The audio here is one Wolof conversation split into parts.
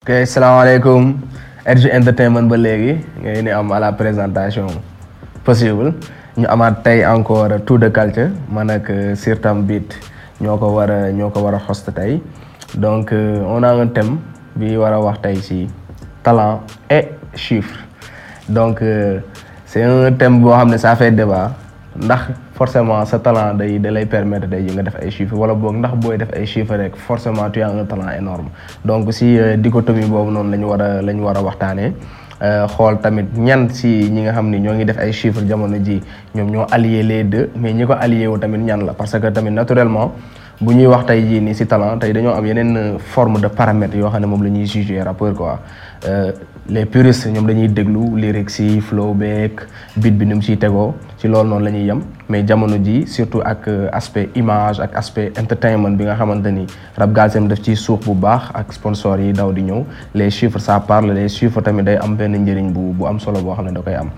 ok salaamaaleykum RG Entertainment ba léegi ngay ni am à la présentation possible ñu amaat tey encore tout de culture man ak euh, Sir Tam Beat ñoo ko war a ñoo ko war a host tey donc euh, on a bi war a wax tey ci talent et chiffre donc euh, seen un boo xam ne saa fait débat ndax forcément sa talent day da lay permettre day nga def ay chiffres wala boog ndax booy def ay chiffres rek forcément tu as un talent énorme donc si euh, dichotomie boobu noonu la ñu war a la ñu war a waxtaanee euh, xool tamit ñan si ñi nga xam ni ñoo ngi def ay chiffres jamono ji ñoom ñoo allier les deux mais ñi ko allier wu tamit ñan la parce que tamit naturellement bu ñuy wax tey jii nii si talent tey dañoo am yeneen euh, forme de paramètre yoo xam ne moom la ñuy juger rappeur quoi euh, les puristes ñoom dañuy déglu lyrics si flow beeg beat bi nu mu siy tegoo ci lool noonu la ñuy yem mais jamono ji surtout ak euh, aspect image ak aspect entertainment bi nga xamante ni Rap def ci ciy suux bu baax ak sponsors yi daw di ñëw les chiffres ça parle les chiffres tamit day am benn njëriñ bu bu am solo boo xam ne da koy am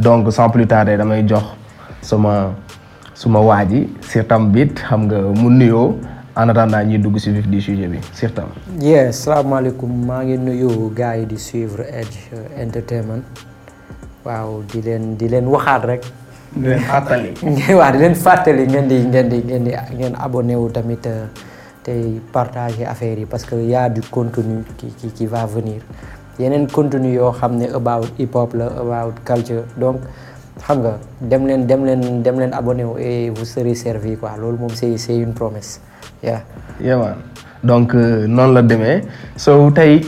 donc jox sama. suma waa ji Cheikh Tam biit xam nga mun nuyoo en attendant ñuy dugg si vif du sujet bi Cheikh Tam. yeah salaamaaleykum maa ngi nuyu gars yi di suivre Edge euh, Entertainment waaw di leen di leen waxaat rek. di leen fàttali. waaw di leen fàttali ngeen di ngeen di ngeen di ngeen abonné wu tamit euh, tey partager affaire yi parce que yaa di du contenu qui qui qui venir yeneen contenu yoo xam ne about hip hop la about culture donc. xam nga dem leen dem leen dem leen abonné wu et vous serez servi quoi loolu moom c'est c'est une promesse yeah. donc euh, noonu la demee so tey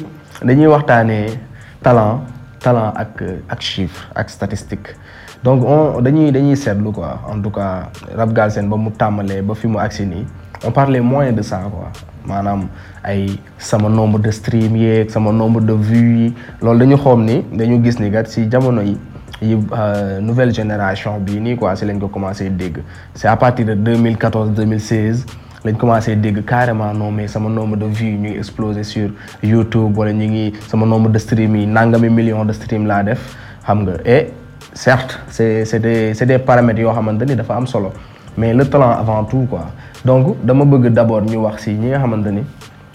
dañuy waxtaanee talent talent ak euh, ak chiffre ak statistique donc on dañuy dañuy seetlu quoi en tout cas Rap Galsen ba mu tàmmalee ba fi mu agsi nii on parlait moins de ça quoi maanaam ay sama nombre de stream yeeg sama nombre de vues yi loolu dañu xoom ni dañu gis ni kat si jamono yi. yi euh, nouvelle génération bii nii quoi si lañ ko commencé dégg c'est à partir de 2014 2016 lañ commencé dégg carrément non mais sama nombre de vues ñu ngi sur YouTube wala ñu ngi sama nombre de stream yi nangami million de stream laa def xam nga et certes c'est c'est des c'est des paramètres yoo xamante ni dafa am solo mais le talent avant tout quoi donc dama bëgg d'abord ñu wax si ñi nga xamante ni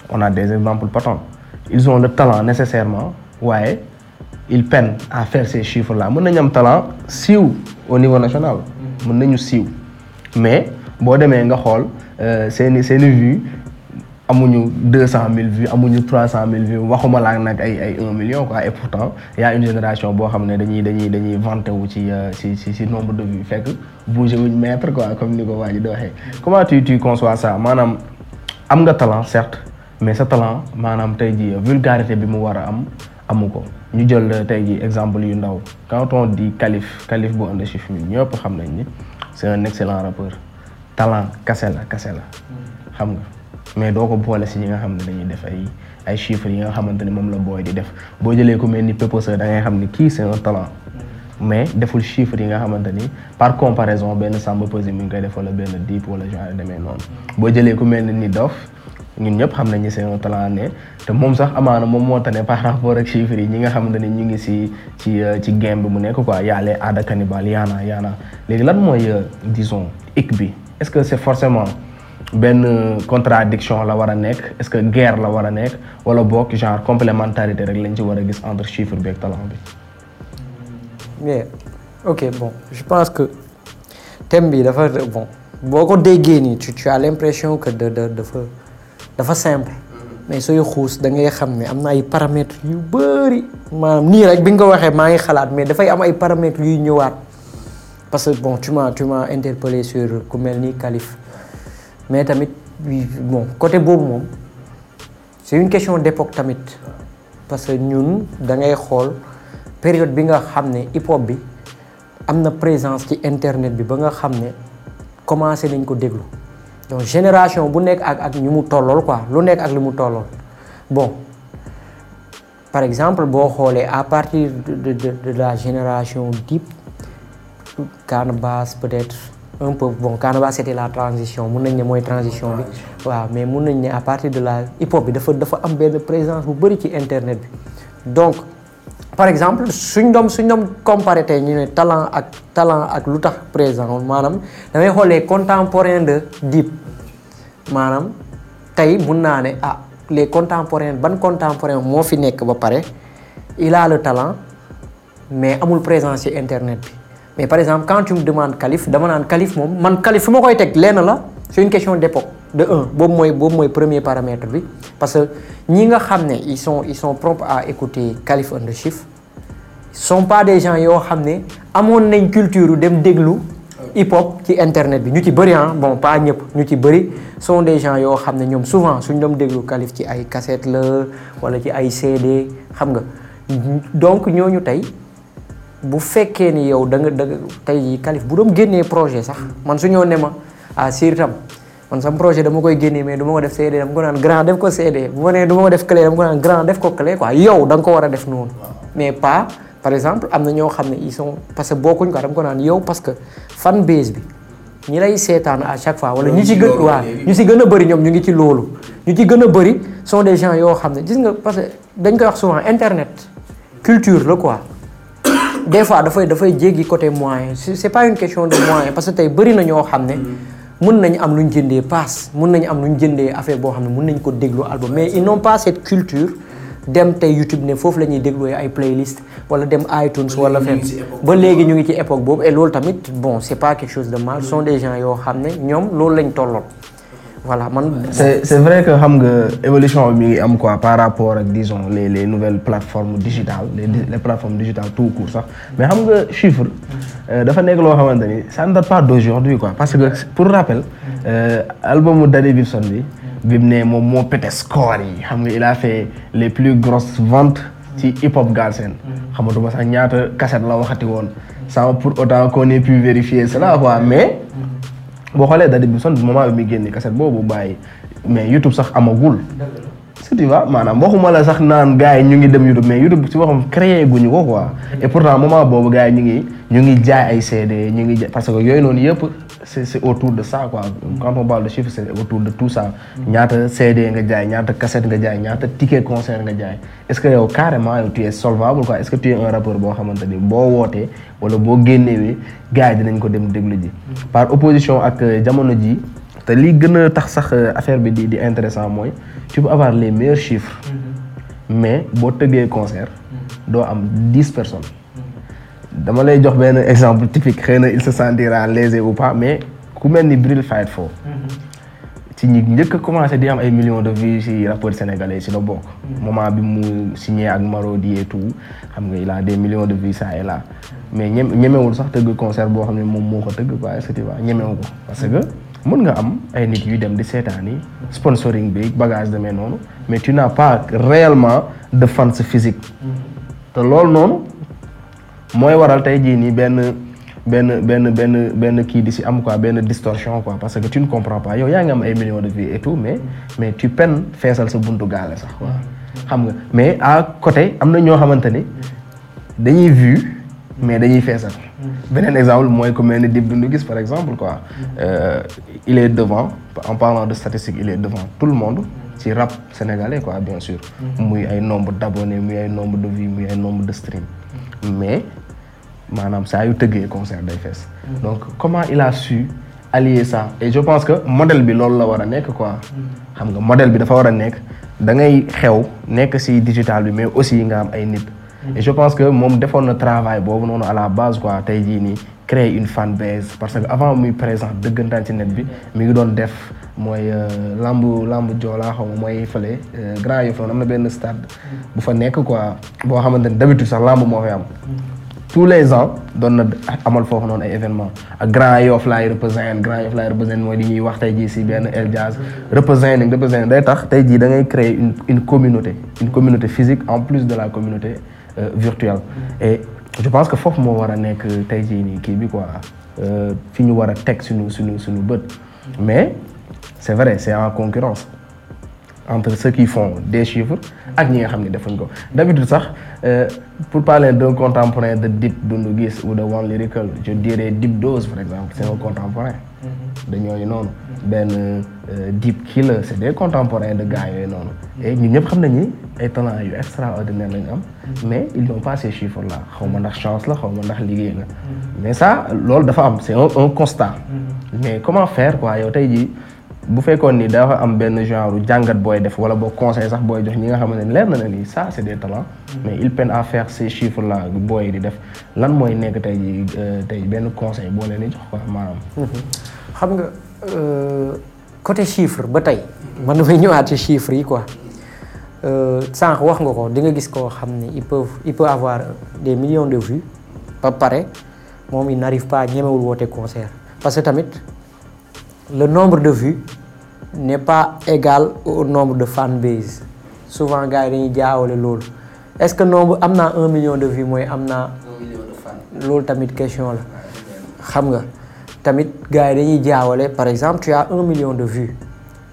on a des exemples patents ils ont le talent nécessairement waaye ils peinent à faire ces chiffres là mën nañu am talent siiw au niveau national. Mm-hmm. mën nañu siiw mais boo demee nga xool euh, seeni seeni vues amuñu deux cent mille vues amuñu trois cent mille vues waxuma laa nag ay ay un million quoi et pourtant y une génération boo xam ne dañuy dañuy dañuy vanté wu ci euh, ci ci ci nombre de vues fekk bougé wuñ mètre quoi comme ni ko waa ji waxee. comment tu tu conçois ça maanaam am nga talent certes mais sa talent maanaam tey jii vulgarité bi mu war a am amu ko. ñu jël euh, tey jii exemple yu ndaw quand di dit Kalif Kalif bu ënd chiffre ñun ñëpp xam nañ ni c'est un excellent rappeur talent kase la kase la hmm. xam nga mais doo ko boole si ñi nga xam ne dañuy def ay ay chiffres yi nga xamante ni moom la booy di def boo jëlee ku mel ni Péposeur da ngay xam ni kii c'est un talent hmm. mais deful chiffres yi nga xamante ni par comparaison benn Samba Peuzzi mi ngi koy def wala benn Dip wala genre demee noonu hmm. boo jëlee ku mel ni Dof ñun ñëpp xam nañu seen talent ne te moom sax amaana moom moo tane par rapport ak chiffres yi ñi ngi xamante ni ñu ngi si ci euh, game bi mu nekk quoi yaalee aada cannibal yaana yaana léegi lan mooy euh, disons hic bi est-ce que c'est forcément benn euh, contradiction la war a nekk est que guerre la war a nekk wala boog genre complémentarité rek lañ ci war a gis entre chiffre bi ak talent bi. mais ok bon je pense que thème bi dafa bon boo ko déggee nii tu as l'impression que de de dafa. dafa simple mais sooy xuus da ngay xam ne am na ay paramètres yu bëri maanaam nii rek bi nga ko waxee maa ngi xalaat mais dafay am ay paramètres yuy ñëwaat parce que bon tu m'as tu m'as sur ku mel ni Kalif mais tamit bon côté boobu moom c'est une question d'époque tamit parce que ñun da ngay xool période bi nga xam ne hip hop bi am na présence ci internet bi ba nga xam ne commencé nañ ko déglu donc génération bu nekk ak ak ñu mu tollool quoi lu nekk ak li mu tollool bon par exemple boo xoolee à partir de de de la génération Dip Canabasse peut-être un peu bon Canabasse c'était la transition mun nañ ne mooy transition bi waaw mais mun nañ ne à partir de la hip bi dafa dafa am benn présence bu bëri ci internet bi donc. par exemple suñ doom suñ doom comparé tey ñu ne talent ak talent ak lu tax présent maanaam damay xoolee contemporain de Dip maanaam tey mun naa ne ah les contemporains ban contemporain moo fi nekk ba pare il le talent mais amul présence ci internet bi mais par exemple quand tu me demandes dama naan Kalif moom man Kalif fu ma koy teg lenn la c'est une question d'époque de un boobu mooy boobu mooy premier paramètre bi parce que ñi nga xam ne ils sont ils sont propres à écouter Kalif son pas des gens yoo xam ne amoon nañ culture dem déglu hip hop ci internet bi ñu ci bëri ah bon pas ñëpp ñu ci bëri son des gens yoo xam ne ñoom souvent suñ doon déglu Kalif ci ay cassette la wala ci ay CD xam nga donc ñooñu tey bu fekkee ni yow da nga da tey jii Kalif bu doon génnee projet sax man su ñoo ne ma ah Sirtam man sama projet dama koy génnee mais du ma ko def CD dama ko naan grand def ko CD bu ma nee du ma ko def clé ko naan ko clé yow da ko war a def noonu mais pas. par exemple am na ñoo xam ne ils sont parce que bokkuñ ko dama ko naan yow parce que fan base bi ñi lay seetaan à chaque fois wala ñu ci gën waa ñu ci gën a bëri ñoom ñu ngi ci loolu ñu ci gën a bëri sont des gens yoo xam ne gis nga parce que dañ koy wax souvent internet culture la quoi des fois dafay dafay jéggi côté moyen c'est pas une question de moyen parce que tey bëri na ñoo xam ne mun mm-hmm. nañ am lu ñu jëndee paas mun nañ am lu ñu jëndee affaire boo xam ne mun nañ ko déglu album mais ils n'ont pas culture dem tey YouTube ne foofu la ñuy dégluwee ay playlist wala dem iTunes wala fenn ba léegi ñu ngi ci époque boobu et loolu tamit bon c'est pas quelque chose de mal sont des gens yoo xam ne ñoom loolu lañ tolloon voilà man. c'est c'est vrai que xam nga évolution mi ngi am quoi par rapport ak disons les les nouvelles plateformes digitales les les plateformes digitales tout court sax mais xam nga chiffre euh, dafa nekk loo xamante ni ça ne date pas d'aujourd'hui quoi parce que pour rappel euh, album mu Daddy Bibson bi. bi mu ne moom moo pété score yi xam nga il a fait les plus grosses ventes ci hip hop Galsen xamatuma sax ñaata cassette la waxati woon sans pour autant qu'on ait pu vérifier cela quoi mais boo xoolee Daddy ma moment bi muy génne cassette boobu bàyyi mais YouTube sax amagul si tu vois maanaam waxuma la sax naan gars yi ñu ngi dem YouTube mais YouTube si waxam créé guñu ko quoi et pourtant moment boobu gars yi ñu ngi ñu ngi jaay ay CD ñu ngi jaay parce que yooyu noonu yëpp c'est c'est autour de ça quoi quand on parle de chiffre c'est autour de tout ça ñaata CD nga jaay ñaata cassette nga jaay ñaata ticket concert nga jaay est-ce que yow carrément yow tu solvable quoi est-ce que tu un rappeur boo xamante ni boo wootee wala boo génnewee gars yi dinañ ko dem déglu ji par opposition ak euh, jamono ji te li gën a tax sax euh, affaire bi di di intéressant mooy tu peux les meilleurs chiffres mm-hmm. mais boo tëggee concert mm-hmm. do am dix personnes dama lay jox benn exemple typique xëy na il se sentira lésé ou pas mais ku mel ni Bril Fight foo mm-hmm. ci ñi njëkk a commencé di am ay million de vues si rappeurs sénégalais si la bokk. moment bi mu signé ak Marodi tout xam nga il a des millions de vues ça et mais ñem ñemewul sax tëgg concert boo xam ne moom moo ko tëgg quoi est-ce que ñemewu ko parce que mën nga am ay nit yu dem di seetaani sponsoring bi bagage demee noonu mais tu n'as pas réellement de fans physique mm-hmm. te loolu noonu. mooy waral tey jii nii benn benn benn benn benn kii di si am quoi benn distorsion quoi parce que tu ne comprends pas yow yaa ngi am ay millions de vues et mais mais tu peines feesal sa buntu gaale sax quoi xam nga mais à côté am na ñoo xamante ni dañuy vue mais dañuy feesal beneen exemple mooy ku mel ni Dip Doundou gis par exemple quoi euh, il est devant en parlant de statistique il est devant tout le monde ci rap sénégalais quoi bien sûr mm-hmm. muy ay nombre d'abonnés muy ay nombre de vues muy ay nombre mais maanaam saa yu tëggee concert day fees. donc comment il a su allier ça et je pense que modèle bi loolu la war a nekk quoi. xam nga modèle bi dafa war a nekk da ngay xew nekk si digital bi mais aussi nga am ay nit. et je pense que moom defoon na travail boobu noonu à la base quoi tey jii nii créer une fan base parce que avant muy présent dëggantaan ci net bi mi ngi doon def mooy lamb euh, lamb joolaa xaw mooy fale euh, Grand Yoff noonu am na benn stade bu fa nekk quoi boo xamante ne d'habitude sax lamb moo tous les ans doon na amal foofu noonu ay événement ak Grand Yoff laay représente Grand Yoff laay mooy li ñuy wax tey jii si benn El Jazz représente représente day tax tey jii da ngay créer une une communauté une communauté physique en plus de la communauté euh, virtuelle et je pense que foofu moo war a nekk tey jii nii kii bi quoi euh, fi ñu war a teg suñu suñu suñu bët mais c'est vrai c'est en concurrence entre ceux qui font des chiffres ak ñi nga xam ne defuñ ko d'habitude sax euh, pour parler d'un contemporain de Dip Doundou Guiss ou de One Lyrical euh, kii la c'est des contemporains de gars yooyu noonu et ñun ñëpp xam nañu ay talent yu extraordinaire lañu am mais ils n'ont pas ces chiffres xaw ma ndax chance la xaw ma ndax liggéey la mm-hmm. mais ça loolu dafa am c'est un constat mm-hmm. mais comment faire quoi yow tey jii bu fekkoon nii dafa am benn genre jàngat booy def wala boo conseil sax booy jox ñi nga xamante ne leer na ne nii ça c'est des talents mm. mais il peine à faire ces chiffres là booy di def lan mooy nekk tey ji euh, tey benn conseil boo leen di jox quoi mm-hmm. xam nga euh, côté chiffre ba tey man damay ñëwaat ci chiffres yi quoi euh, sànq wax nga ko di nga gis koo xam ne il peut il peut avoir des millions de vues ba pare moom il n'arrive pas ñemewul woote concert parce que tamit le nombre de vues n'est pas égal au nombre de base souvent gars yi dañuy jaawale loolu est-ce que nombre am naa un million de vues mooy am naa. loolu tamit question la xam nga tamit gars yi dañuy jaawale par exemple tu as un million de vues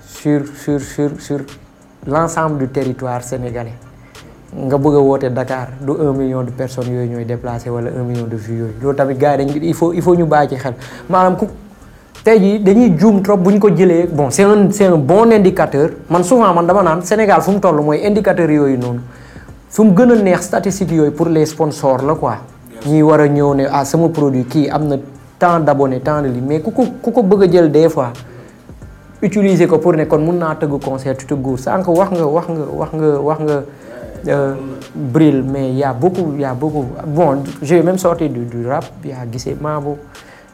sur sur sur sur l'ensemble du territoire sénégalais nga bëgg a woote Dakar du un million de personnes yooyu ñooy déplacé wala un million de vues yooyu loolu tamit gars yi dañ il faut il faut ñu bàyyi ci xel maanaam ku. tey jii dañuy juum trop bu ñu ko jëlee bon c'est un c'est un bon indicateur man souvent man dama naan Sénégal fu mu toll mooy indicateur yooyu noonu fu mu gën a neex statistiques yooyu pour les sponsors la quoi. ñuy war a ñëw ne ah sama produit kii am na tant d'abonnés tant de li mais ku ko ku ko bëgg a jël des fois utiliser ko pour ne kon mun naa tëgg concert tëggu sànq wax nga wax nga wax nga wax nga. Euh, Bril mais yaa a yaa y a beaucoup bon j'ai même sorti du du rap y a Guissé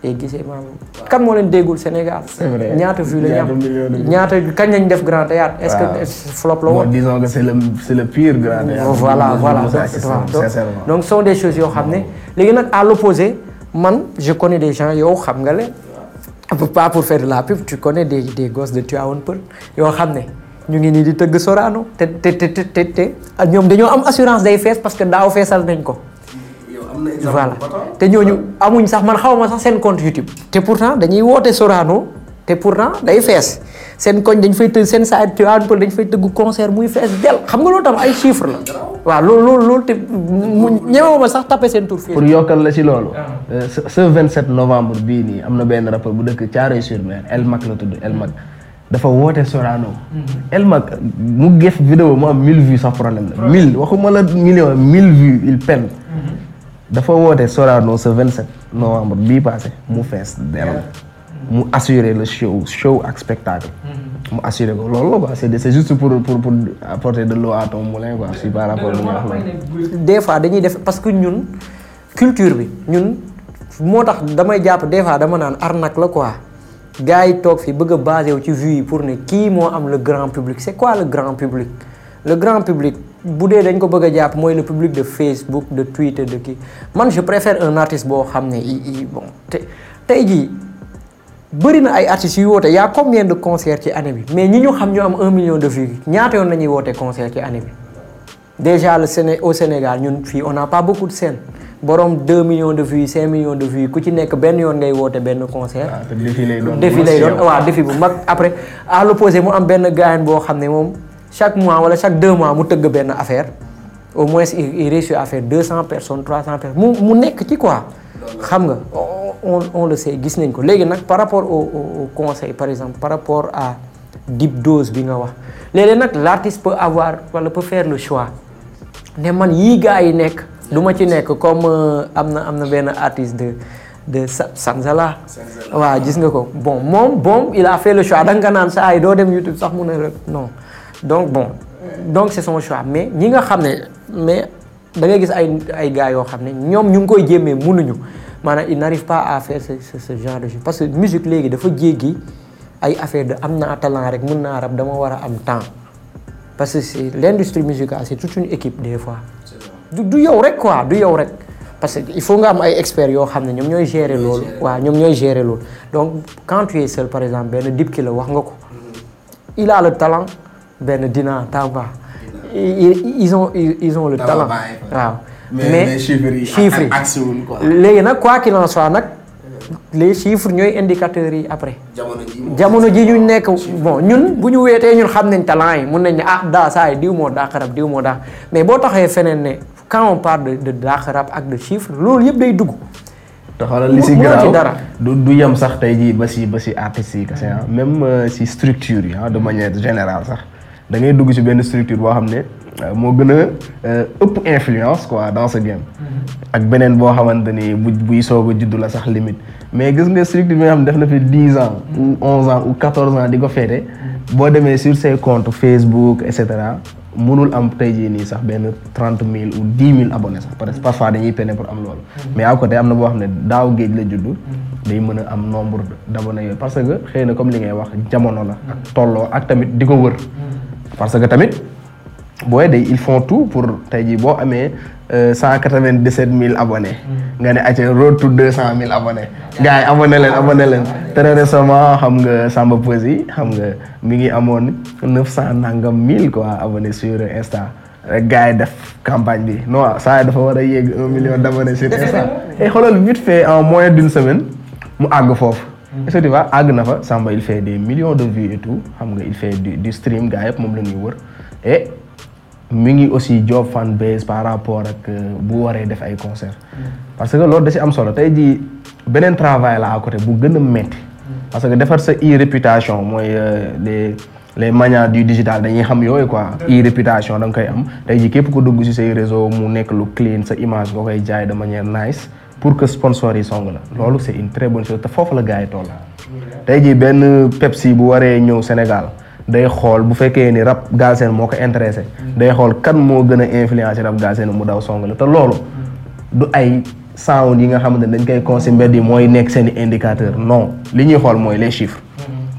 tey gisee maanaam kan moo leen déggul Sénégal. ñaata vues la ñaata kañ lañ def grand théâtre. est-ce que flop la woon. disons que c'est le c'est le pire grand théâtre. voilà voilà donc ce sont des choses yoo xam ne. léegi nag à l'opposé man je connais des gens yow xam nga le pas pour faire de la pub tu connais des des gosses de Tivaouane Peulh yoo xam ne. ñu ngi nii di tëgg soraano te te te te ñoom dañoo am assurance day fees parce que ndaaw feesal nañ ko. voilà te ñooñu amuñ sax man xaw ma sax seen compte YouTube te pourtant dañuy woote Sorano te pourtant day fees seen koñ dañ fay tëgg seen saa tuaan pël dañ fay tëgg concert muy fees del xam nga loolu tam ay chiffre la waaw loolu loolu loolu te mu ñemewu sax tapé seen tur fii yokkal la ci loolu ah. euh, ce 27 novembre bii nii am na benn rappeur bu dëkk Thiaroye-sur-Mer El Mag la tudd El dafa woote Sorano hmm. El mu gef vidéo mu am 1000 vues sans problème la 1000 dafa woote Sorano ce vingt sept novembre bii passé mu fees dell mu assurer le show show ak spectacle mm-hmm. mu assurer ko loolu la quoi c' est juste pour pour pour apporter de l'eau à ton moulin quoi si par rapport des fois dañuy def parce ñun culture bi ñun moo tax damay jàpp des fois dama naan arnaque la quoi gars yi toog fi bëgg a wu ci vue yi pour ne kii moo am le grand public c' est quoi le grand public le grand public bu dee dañ ko bëgg a jàpp mooy le public de Facebook de Twitter de kii man je préfère un artiste boo xam ne i bon tey jii bëri na ay artistes yu woote y'a combien de concerts ci année bi mais ñi ñu xam ñu am un million de vues ñaata yoon nañuy woote concert ci année bi déjà le Séné au Sénégal ñun fii on n'a pas beaucoup de scènes borom 2 millions de vues 5 millions de vues ku ci nekk benn yoon ngay woote benn concert. Ah, défi lay doon défi lay bu mag après à l'opposé mu am benn gaayan boo xam ne moom. chaque mois wala chaque deux mois mu tëgg benn affaire au moins il réussit à deux cent personnes trois cent personnes mu mu nekk ci quoi. xam nga on on le sait gis nañ ko léegi nag par rapport au au conseil par exemple par rapport a deep dose bi nga wax léeg nag la artiste peut avoir wala peut faire le choix ne man yii gars yi nekk du ma ci nekk comme euh, am na am na benn artiste de. de Sanzala waaw gis nga ko bon moom bon il a fait le choix danga naan sa ay doo dem sax mu ne rek donc bon donc c'est son choix mais ñi nga xam ne mais dangay gis ay ay gars yoo xam ne ñoom ñu ngi koy jéemee mënuñu maanaam il n'arrive pas à faire ce genre de chose parce que musique léegi dafa jéggi ay affaire de am naa talent rek mën naa rab dama war a am temps parce que c'est l'industrie musicale c'est toute une équipe des fois. du yow rek quoi du yow rek. parce que il faut nga am ay experts yoo xam ne ñoom ñooy gérer loolu. waaw ñoom ñooy gérer loolu donc quand tu es par exemple benn dip ki wax nga ko. Mm-hmm. benn Dina Tamba. ils ont ils ont le talent waaw. mais chiffres yi léegi nag quoi qu'il en nag. les chiffres ñooy indicateurs yi après. jamono ji ñu nekk bon ñun bu ñu weetee ñun xam nañ talent yi mun nañ ne ah daa saa diw moo dàq rap diw moo dàq mais boo taxee feneen ne quand on parle de de rab ak de chiffres loolu yëpp day dugg. te xoolal li si garaaw du du yem sax tey jii ba si ba si artistes ah, euh, si kese même si structure yi ah, de manière générale sax. da ngay dugg ci benn structure boo xam ne euh, moo gën a euh, ëpp influence quoi dans ce game. Mm-hmm. ak beneen boo xamante ni bu buy soog a juddu la sax limite mais gis nga structure bi nga xam ne def na fi dix ans mm-hmm. ou onze di ko féete. boo demee sur ses comptes Facebook et cetera mënul am tey jii nii sax benn trente mille ou dix mill abone sax parce que parfois dañuy peine pour am loolu. Mm-hmm. mais à côté am na boo xam ne daaw géej la juddu. day mën a am nombre d'abonnés yooyu parce que xëy na comme li ngay wax jamono la. tolloo ak tamit di ko wër. parce que tamit booy day il font tout pour tey jii boo amee euh, cent quatre vingt dix sept mille abonnés. Mm. nga ne acca road to deux cent mille abonnés. gars yi leen abonné leen. très xam nga Samba Peuzzi xam nga mi ngi amoon neuf cent nangam mille quoi abonnés sur Insta. rek gars yi def campagne bi non saa yi dafa war a yegg un million d' abonnés sur Insta. et xoolal vite en moins du une semaine mu àgg foofu. est-ce que àgg na fa Samba il fait des millions de vues et xam nga il fait du du stream gars yëpp moom la ñuy wër e mu ngi aussi job fan base par rapport ak euh, bu waree def ay concert parce que loolu da si am solo tey jii beneen travail la à côté bu gën a metti parce que defar sa i réputation mooy euh, les les manières du digital dañuy xam yooyu quoi i réputation da koy am tey jii képp ko dugg si say réseau mu nekk lu clean sa image nga koy jaay de manière nice pour que sponsors yi song la loolu c'est une très bonne chose te foofu la gars yi toll tey jii benn Pepsi bu waree ñëw Sénégal day xool bu fekkee ni rap Galsen moo ko intéressé day xool kan moo gën a influencé rap Galsen mu daw song la te loolu du ay sound yi nga xamante ne dañ koy consommé mbedd yi mooy nekk seen indicateur non li ñuy xool mooy les chiffres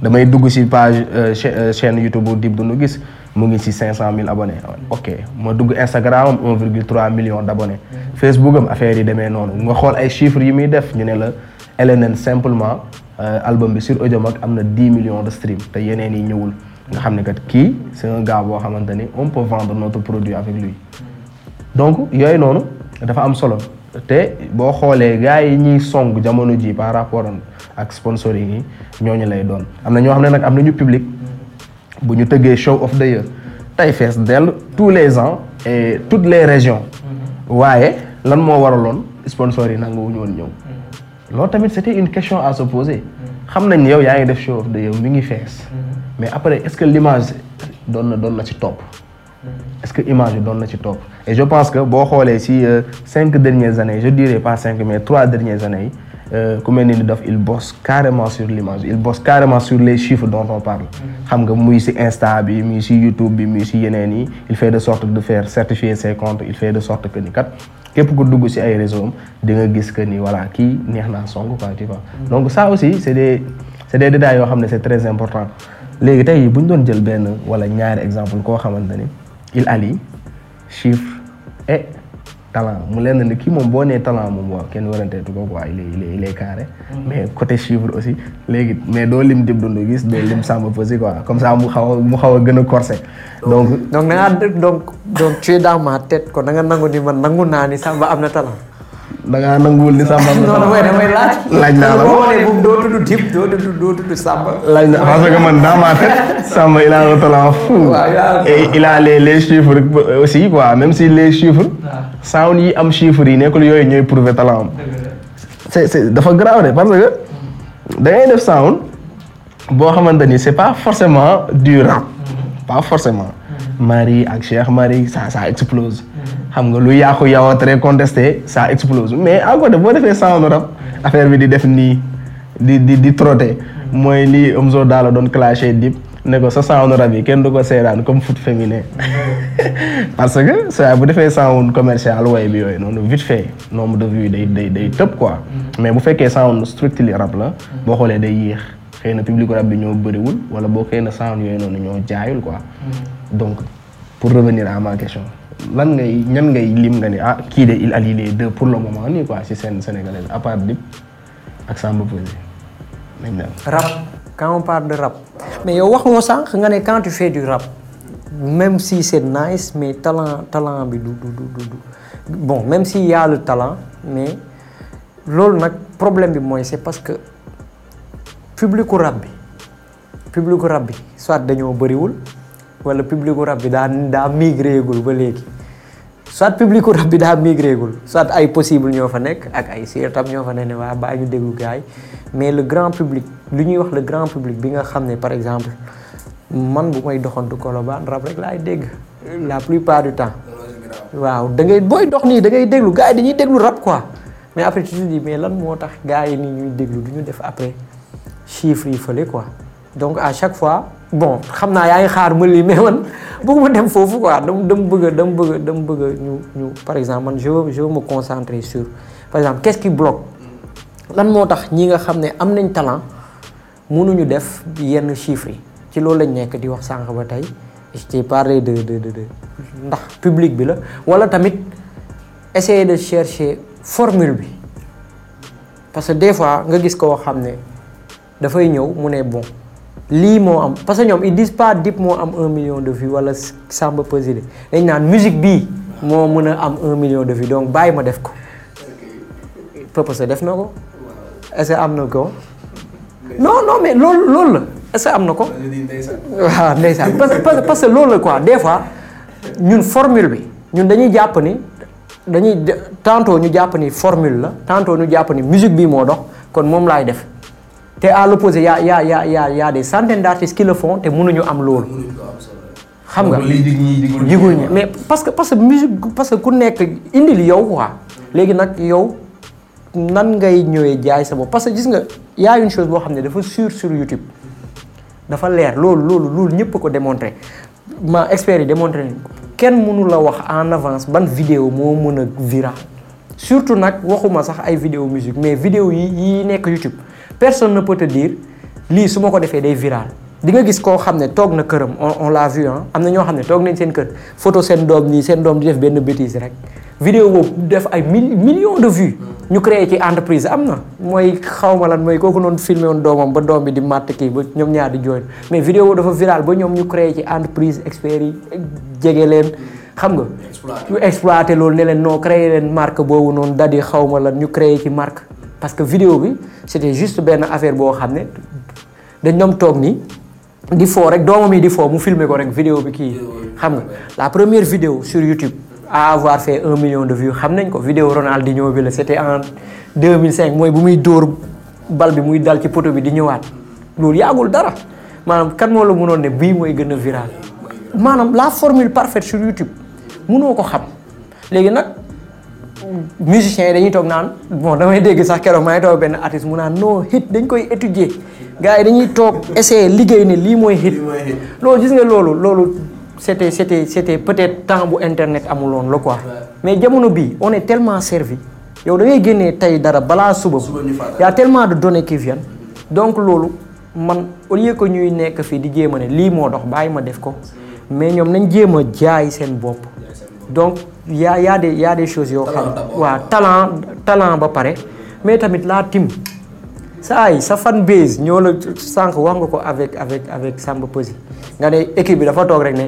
damay dugg si page euh, euh, chaîne YouTube bu Dip Doundou gis mu ngi si cinq cent mille abonnés ok ma dugg Instagram am un virgule trois million d' abonnés Facebook affaire yi demee noonu nga xool ay chiffres yi muy def ñu ne la LNN simplement euh, album bi sur Audiomack am na dix million de stream te yeneen yi ñëwul nga xam ne kat kii c' est un boo xamante ni on peut vendre notre produit avec lui donc yooyu noonu dafa am solo te boo xoolee gars yi ñuy song jamono ji par rapport ak sponsoring yi ñooñu lay doon am na ñoo xam ne nag am nañu public bu ñu tëggee show of the year tey fees dell tous les ans et toutes les régions mm-hmm. waaye lan moo waraloon sponsors yi nangu ñu woon ñëw mm-hmm. loolu tamit c' était une question à se mm-hmm. xam nañ yow yaa ngi def show of the year mi ngi fees mais après est ce que l'image doon na doon na ci topp est ce que image bi doon na ci topp et je pense que boo xoolee si euh, cinq dernières années je dirais pas cinq mais trois dernières années yi Euh, ku mel ni daf il bosse carrément sur l'image il bosse carrément sur les chiffres dont on parle xam nga muy ci Insta bi muy ci YouTube bi muy ci yeneen yi il fait de sorte de faire certifier ses comptes il fait de sorte que kat képp ku dugg ci ay réseau am nga gis que ni voilà kii neex naa song quoi tu vois donc ça aussi c'est des c'est yoo xam ne c'est très important léegi tey bu ñu doon jël benn wala ñaari exemple koo xamante ni il allie chiffre talent mu leen ni kii moom boo nee talent moom waaw kenn waranteetu ko quoi il est il est il est carré. Mhm. mais côté chiffre aussi léegi mais doo lim dib dund gis doo lim sàmm aussi quoi comme ça mu xaw a mu xaw a gën a corsé. donc donc da ngaa donc donc tu ma tête kon da nga nangu ni man nangu naa ni Samba am na talent. da ngaa nanguwul ni Samba. laaj. laaj la boo xoolee moom doo laaj na parce que man dans ma tête Samba il a un talent fou. et il a les les chiffres aussi les chiffres. waaw ah. yi am chiffres yi nekkul yooyu ñooy prouver talent am. dafa grave de parce da def sound boo xamante ni c'est pas forcément du mm-hmm. pas forcément. Mm-hmm. Marie ak Cheikh Marie ça ça explose. Mm-hmm. xam nga lu yàqu yow a très contesté ça explose mais à côté boo defee sound rap affaire bi di def nii di di di trotter mooy lii Omzo la doon clashé Dip ne ko sa sound rab yi kenn du ko seetaan comme foot féminin parce que saa bu defee sound commercial way bi yooyu noonu vite fait nombre de vues day day day tëb quoi mais bu fekkee sound strictly rap la boo xoolee day yéex xëy na public rap bi ñoo bëriwul wala boo xëy na sound yooyu noonu ñoo jaayul quoi mm. donc pour revenir à ma question lan ngay ñan ngay lim nga ni ah kii de il allie les pour le moment nii quoi si scène sénégalaise à Dip ak Samba Peuzé nañ daal. rap quand on parle de rap mais yow wax nga sànq nga ne quand tu fais du rap même si c'est nice mais talent talent bi du du du bon même si yàlla a le talent mais loolu nag problème bi mooy c'est parce que publicu rab bi publicu rab bi soit dañoo bëriwul. wala publicu rab bi daa daa migré gul ba léegi soit publicu rab bi daa migré gul soit ay possible ñoo fa nekk ak ay seetam ñoo fa ne ne waa baa ñu déglu gaay mais le grand public lu wax le grand public bi nga xam ne par exemple man bu may doxantu Colobane rab rek laay dégg la plupart du temps. waaw da ngay booy dox nii da ngay déglu gars yi dañuy déglu rab quoi mais après tu te mais lan moo tax gars yi nii ñuy déglu du ñu def après chiffres yi fële quoi donc à chaque fois. bon xam naa yaay xaar ma lii mais man bëgguma dem foofu quoi dama dama bëgg a dama bëgg a bëgg ñu ñu par exemple man je ma je veux me sur par exemple qu'est-ce qui bloque lan moo tax ñi nga xam ne am nañ talent mënuñu def yenn chiffres ci loolu lañ nekk di wax sànq ba tey je t'ai parlé de de de ndax public bi la wala tamit essayer de chercher formule bi parce que des fois nga gis koo xam ne dafay ñëw mu ne bon. lii moo am parce que ñoom ils disent pas Dip moo am un million de vues wala Samba Peuzélé dañ naan musique bii moo mën a am un million de vues donc bàyyi ma def ko Peuposé def na ko est-ce que am na ko non non loolu loolu la est que am na ko waaw ndeysaan parce que parce que loolu la quoi des fois ñun formule bi ñun dañuy jàpp ni dañuy tantôt ñu jàpp ni formule la tantôt ñu jàpp ni musique bii moo dox kon moom laay def te à l'opposé y' a y' a y' a y' a y' a des centaines am loolu. xam nga jiguñ mais parce que parce que musique parce que ku nekk indil yow waa léegi nag yow nan ngay ñëwee jaay sa bopp parce que gis nga y' une chose boo xam ne dafa sûr sur YouTube dafa leer loolu loolu loolu ñëpp ko démontré ma experts yi démontré kenn mënu la wax en avance ban vidéo moo mën a vira surtout nag waxuma sax ay vidéo musique mais vidéo yi yi nekk YouTube. personne na peut te dire lii su ma ko defee day viral di nga gis koo xam ne toog na këram on l'a vu am na ñoo xam ne toog nañ seen kër photo seen doom nii seen doom di def benn bêtise rek vidéo boobu def ay mil millions de vues ñu créer ci entreprise am na mooy xawma lan mooy kooku noonu filmé woon doomam ba doom bi di màtt kii ba ñoom ñaar di jooy mais vidéo dafa viral ba ñoom ñu créé ci entreprise experts yi jege leen xam nga ñu exploité loolu ne leen créé leen marque boobu noonu dadi xawma lan ñu créé ci marque parce que vidéo bi c'était juste benn affaire boo xam ne dañ ñoom toog nii di foo rek doomam yi di foo mu filme ko rek vidéo bi kii xam nga la première vidéo sur YouTube à avoir fait un million de vues xam nañ ko vidéo Ronaldinho bi la c'était en 2005 mooy bu muy dóor bal bi muy dal ci poto bi di ñëwaat loolu yàggul dara maanaam kan moo la mënoon ne bii mooy gën a viral maanaam la formule parfaite sur YouTube mënoo ko xam léegi nag musiciens yi dañuy toog naan bon damay dégg sax keroog maa ngi toog benn artiste mu naan non hit dañ koy étudier gars dañuy toog essayer liggéey ne lii mooy hit loolu gis nga loolu loolu c'était c'était c'était peut-être temps bu internet amuloon la quoi mais jamono bii on est tellement servi yow da ngay génnee tey dara balaa suba y a tellement de donc loolu man au lieu que ñuy nekk fii di jéem a ne lii moo dox bàyyi ma def ko mm. mais ñoom nañ jéem a jaay seen bopp donc y' yaa y' a des y' des choses yoo xam waaw talent ba pare mais tamit laa tim saa yi sa fan base ñoo la sànq wax nga ko avec avec avec Samba Peuzzi nga ne équipe bi dafa toog rek ne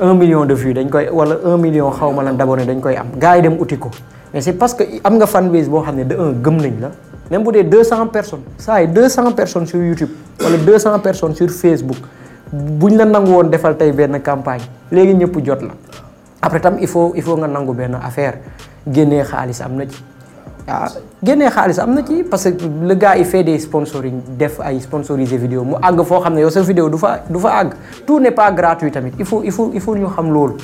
un million de vues dañ koy wala un million xaw ma lan d'abonnés dañ koy am gars yi dem uti ko mais c'est parce que am nga fan base boo xam ne de un gëm nañ la même bu dee deux cent personnes saa deux cent personnes sur YouTube wala deux cent personnes sur Facebook ñu la nangu woon defal tey benn campagne léegi ñëpp jot la après tam il faut il faut nga nangu benn affaire génnee xaalis am na ci waaw ah, génnee xaalis am na ci parce que le gars il fait des sponsoring def ay sponsorisé vidéo mu àgg foo xam ne yow sa vidéo du fa du tout ne pas gratuit tamit il faut il faut il faut ñu xam loolu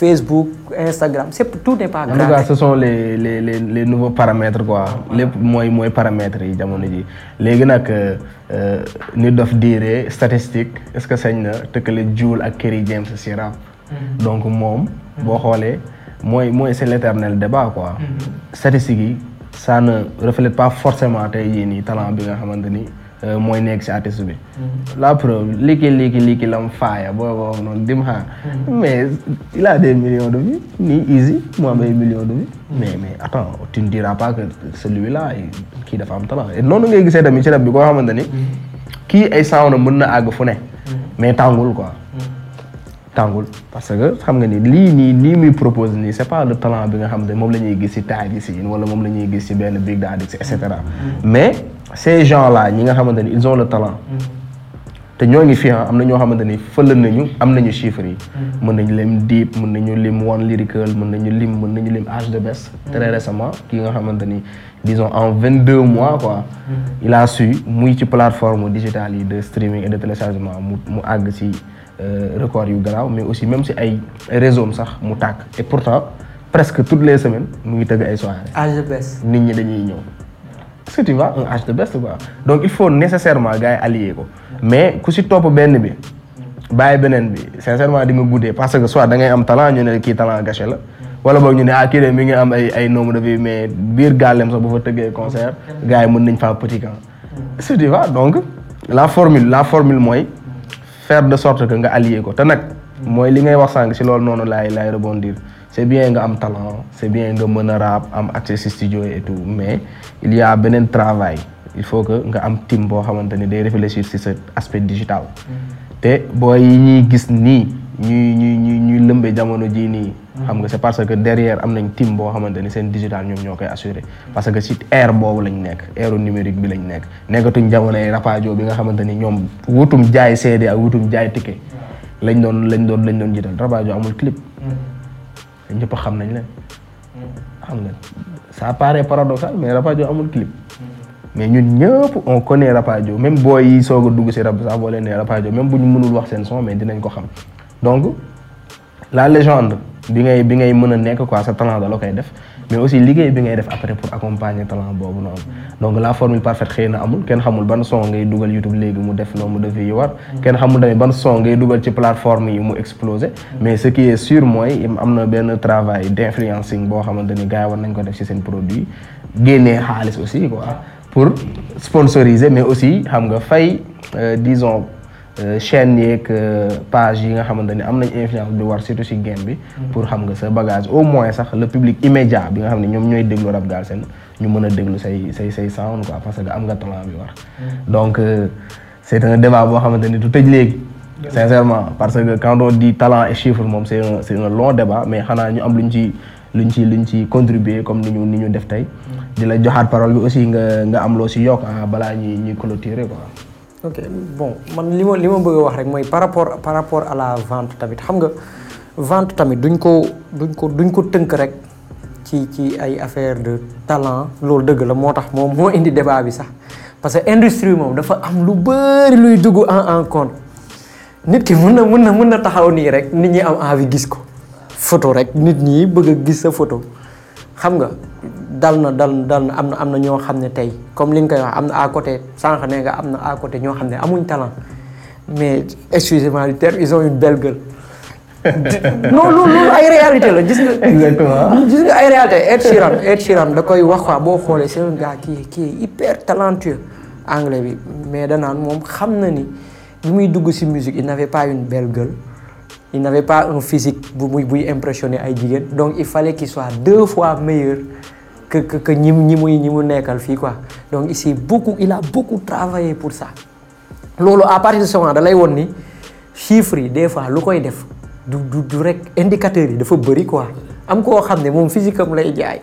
Facebook Instagram tout n'est pas gratuit. en tout cas les les les les nouveaux paramètres quoi lépp mooy mooy paramètres yi jamono ji léegi nag ñu euh, euh, dof diire statistique est-ce que sañ na tëkkale Jul ak Kerry James si rap mhm. boo xoolee mooy mooy c'est l'éternel débat quoi. Mm-hmm. statistiques yi ça ne reflète pas forcément tey jii nii talent bi nga xamante ni euh, mooy nekk si artiste bi. Mm-hmm. la preuve liki liki lam faaya boo xam dim xaar. Mm-hmm. mais il a des millions de vues nii easy mu am ay millions de vues. mais mais attends tu ne diras pas kii dafa am talent et noonu ngay gisee tamit ci rab bi koo xamante ni. kii ay sound mën na àgg fu ne. mais tàngul quoi. tàngul parce que xam nga ni lii nii lii muy propose nii c'est pas le talent bi nga xam ne moom la ñuy gis ci taaj si wala moom la ñuy gis ci benn big daal et mm-hmm. Mm-hmm. mais ces gens là ñi nga xamante ni ils ont le talent mm-hmm. te ñoo ngi fi ah, am na ñoo xamante ni fële nañu am nañu chiffres yi mën nañu lim Dip mën nañu lim One Lyrical mën nañu lim mën nañu lim H de Best très récemment ki nga xamante ni disons en vingt deux mois quoi il a su muy ci plateforme digitale yi de streaming et de téléchargement mu mu àgg si Euh, record yu garaaw mais aussi même si ay réseau sax mu tàkk et pourtant presque toutes les semaines mu ngi tëgg ay soirées. âge de baisse nit ñi dañuy ñëw. est-ce que tu donc il faut nécessairement gars yi ko mais ku si topp benn bi bàyyi beneen bi sincèrement di nga guddee parce que soit da ngay am talent ñu ne kii talent gâché la. wala boog ñu ne ah kii de mi ngi am ay ay nombre mais biir gàllem sax bu fa tëggee concert gars yi mën nañ fa petit camp. est-ce hmm. que la formule la formule faire de sorte que nga allier ko te nag mooy li ngay wax sànq si loolu noonu laay laay rebondir c'est bien nga am talent c'est bien nga mën a rap am accès si studio tout mais il y beneen travail il faut que nga am team boo xamante ni day réfléchir si cet aspect digital mm-hmm. te boo yi ñuy gis nii ñuy ñuy ñuy ñuy lëmbe jamono jii nii. xam nga c'est parce que derrière am nañ tiim boo xamante ni seen digital ñoom ñoo koy assuré. parce que si ère boobu lañ nekk ère numérique bi lañ nekk nekkatuñ jamonoy rapajo bi nga xamante ni ñoom wutum jaay CD ak wutum jaay ticket. lañ doon lañ doon lañ doon jiital rapajo amul clip. Mm. ñëpp xam nañ leen. Mm. xam nga ça paradoxal mais rapajo amul clip. Mm. mais ñun ñëpp on connaît Rapadio même booy yi a dugg si rab sax boo leen nee Rapadio bu ñu mënul wax seen son mais ko xam donc la légende bi ngay bi ngay mën a nekk quoi sa talent da koy def mais aussi liggéey bi ngay def après pour accompagner boobu noonu donc la formule parfaite xëy na amul kenn xamul ban son ngay dugal YouTube léegi mu def noonu mu def yi war kenn xamul tamit ban son ngay dugal ci plateforme yi mu explosé mais ce qui est sûr mooy am na benn travail d' influencing boo xamante ni gars nañ ko def ci seen produit génnee xaalis aussi ko quoi pour sponsoriser mais aussi xam nga fay euh, disons euh, chaîne yeeg euh, page yi nga xamante ni am nañ influence bi war surtout si game bi. Mm. pour xam nga sa bagage au moins sax le public immédiat bi nga xam ne ñoom ñooy déglu rap Galsen ñu mën a déglu say say say sound quoi parce que am nga talent bi war. Mm. donc c' est un débat boo xamante ni du tëj léegi. sincèrement parce que quand on dit talent et chiffre moom c' est un débat mais xanaa ñu am luñ ci luñ ci luñ ci contribuer comme ni ñu ñu def tey. di la joxaat parole bi aussi nga nga am loo si yokk ah, balaa ñuy ñuy clôturer quoi. ok bon man li li ma bëgg wax rek mooy rapport par rapport à la vente tamit xam nga vente tamit duñ ko duñ ko duñ ko tënk rek ci ci ay affaire de loolu dëgg la moo tax moom moo indi débat bi sax parce que industrie moom dafa am lu bëri luy dugg en en compte nit ki mun na mën na mën na taxaw nii rek nit ñi am envie gis ko photo rek nit ñi bëgg a gis sa photo xam nga dal na dal dal na am na am na ñoo xam ne tey comme li nga koy wax am na à côté sànq ne nga am na à côté ñoo xam ne amuñ talent mais excusez-moi du terme ils ont une belle gueule. non loolu ay réalité la gis nga. exactement gis ay Ed Sheeran Ed Sheeran da koy wax quoi boo xoolee c'est un gars qui qui est hyper anglais bi mais danaan moom xam na ni bi muy dugg ci musique il n'avait pas une belle il n'avait pas un physique bu muy buy impressionné ay jigéen donc il fallait qu'il soit deux fois meilleur que que que ñi ñi muy ñi mu nekkal fii quoi donc ici beaucoup il a beaucoup travaillé pour sax loolu à partir de ce moment da lay woon ni chiffres yi des fois lu koy def du du rek indicateurs yi dafa bëri quoi am koo xam ne moom physique am lay jaay.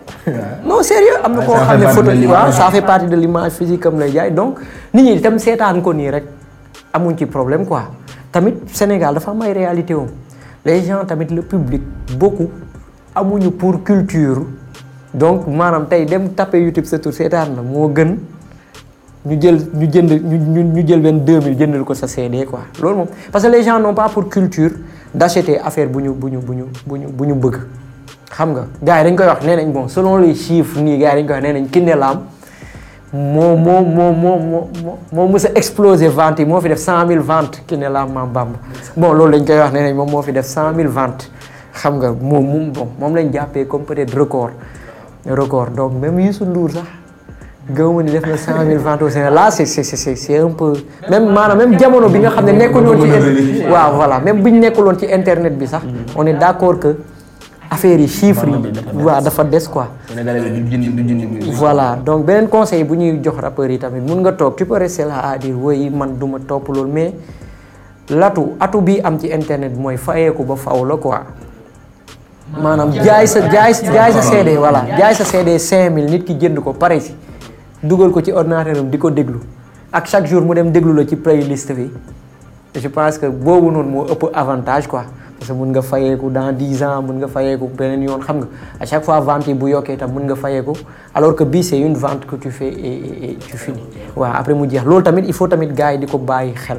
non sérieux am na koo xam ne photo yi waaw ça fait partie de l'image physique am lay jaay donc nit ñi itam seetaan ko nii rek amuñ ci problème quoi. tamit Sénégal dafa am ay réalité wam les gens tamit le public bokku amuñu pour culture donc maanaam tey dem tapé YouTube sa tur seetaan na moo gën ñu jël ñu jënd ñu ñu jël benn 2000 jëndal ko sa CD quoi loolu moom parce que les gens n'ont pas pour culture d'acheter affaire bu ñu bu ñu bu ñu bu ñu bu ñu bëgg xam nga gars yi dañ koy wax nee nañ bon selon les chiffres nii gars yi dañ koy wax nee nañ Kiné Lam moo moo moo moom moo moo mës a explosé vente yi moo fi def cent mille ventes ki ne la Maam Bamba bon loolu lañ koy wax ne nañ moom moo fi def cent mille ventes xam nga moom moom bon moom lañ jàppee comme peut-être record record donc même Youssou Ndour sax na cent mille ventes au Sénégal là c'est c'est c'est c'est un même jamono bi nga xam ne nekkuloon waaw voilà même bu ñu nekkuloon ci internet bi sax mm. on est d'accord que affaire yi chiffres yi dafa des quoi voilà donc beneen conseil bu ñuy jox rappeurs yi tamit mun nga toog tu peux rester là woy man duma topp loolu mais latu atu bi am ci internet mooy fayeeku ba faw la quoi maanaam jaay sa jaay jaay sa CD voilà jaay sa CD 5000 nit ki jënd ko pare si dugal ko ci ordinateur am di ko déglu ak chaque jour mu dem déglu la ci playlist bi je pense que boobu noonu moo ëpp avantage quoi parce que mun nga fayeeku dans dix ans mun nga fayeeku beneen yoon xam nga à chaque fois vente yi bu yokkee tam mun nga fayeeku alors que bii c'est une vente que tu fais et tu finis waaw après mu jeex loolu tamit il faut tamit gars yi di ko bàyyi xel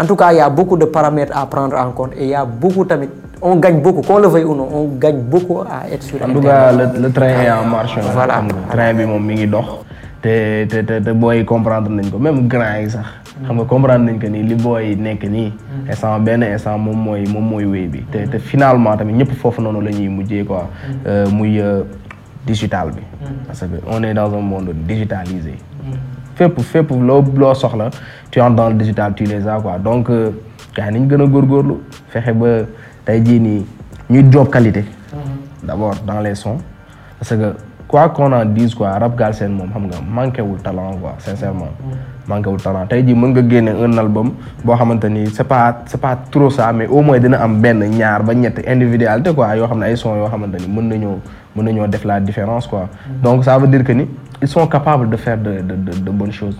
en tout cas y beaucoup de paramètres à prendre en compte et y a beaucoup tamit on gagne beaucoup qu'on le veuille ou non on gagne beaucoup à être sur en tout cas le train est en marche voilà train bi moom mi ngi dox te te te booy comprendre nañ ko même grand yi sax xam nga comprendre nañ que ni li booy nekk nii. Mm. instant benn instant moom mooy moom mooy wéy bi. te te finalement tamit ñëpp foofu noonu la ñuy mujjee quoi. Mm. Euh, muy euh, digital bi. Mm. parce que on est dans un monde digitalisé. fépp fépp loo loo soxla tu entres dans le digital tu les as quoi donc euh, gars yi nañ gën a fexe ba tey jii nii ñuy job qualité. d' dans les sons quoi qu'on en dise quoi Rap Galsen moom xam nga manqué wul talent quoi sincèrement. manqué wul talent tey jii mën nga génne un album boo xamante c'est pas trop ça mais au moins dina am benn ñaar ba ñett individualité quoi yoo xam ne ay son yoo xamante ni mën na mën nañoo def la différence quoi. donc ça veut dire que ni ils sont capables de faire de de de,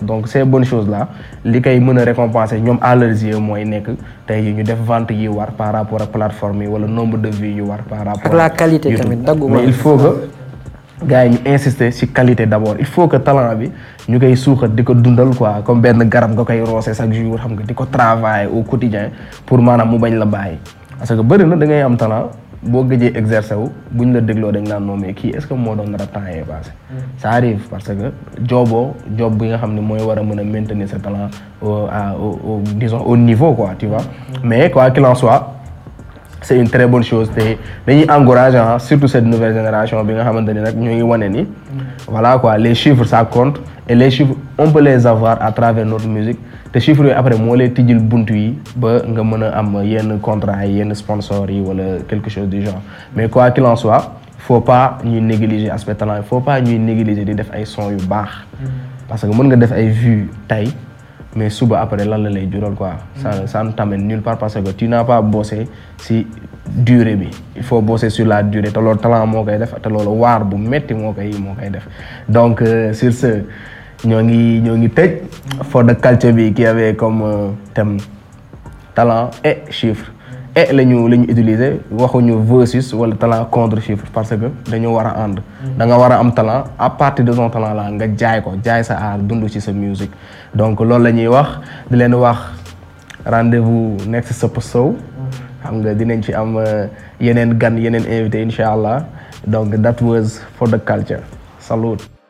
donc ces bonnes choses là li koy mën a récompenser ñoom à leurs yeux mooy nekk tey jii ñu def vente yi war par rapport ak plateforme yi wala nombre de vues war. par rapport gars yi ñu insister ci qualité d'abord il faut que talent bi ñu koy suuxat di ko dundal quoi benn garab nga koy roose chaque jour xam nga di ko travailler au quotidien pour maanaam mu bañ la bàyyi. parce que bëri na da ngay am talent boo gëjee exercer wu buñ la dégloo dañ naan non kii est-ce que moo doon dara temps yee passé. Mm. parce que jooboo job bi nga xam ne mooy war a mën a maintenir sa talent au à au disons niveau quoi mm. mais quoi qu'il en soit. c'est une très bonne chose te dañuy encouragé ah surtout cette nouvelle génération bi nga xamante ni nag ñu ngi wane ni voilà quoi les chiffres ça compte et les chiffres on peut les avoir à travers notre musique te chiffres yooyu après moo lay tijjil bunt yi ba nga mën a am yenn contrat yi yenn sponsors yi wala quelque chose du genre mais quoi qu'il en soit faut pas ñuy négliger aspect talent faut pas ñuy négliger di def ay son yu baax mm-hmm. parce que mën nga def ay vues tey mais suba après lan la lay jural quoi. ça ça ne t'amène nulle part parce que tu n'as pas bossé si dure bi il faut bosser sur la dure te loolu talent moo koy def te loolu waar bu métti moo koy moo koy def donc euh, sur ce ñoo ngi ñoo ngi tëj for the culture bi qui avait comme euh, thème talent et chiffre et la ñu la ñu utiliser waxuñu versus wala talent contre chiffre parce que dañoo war a ànd mm. da nga a am talent à partir de son talent là nga jaay ko jaay sa art dund donc loolu la ñuy wax di leen wax rendez-vous next Sëpp Sow xam nga dinañ ci am euh, yeneen gan yeneen invité incha allah donc that was for the culture salut